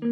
Mm-hmm.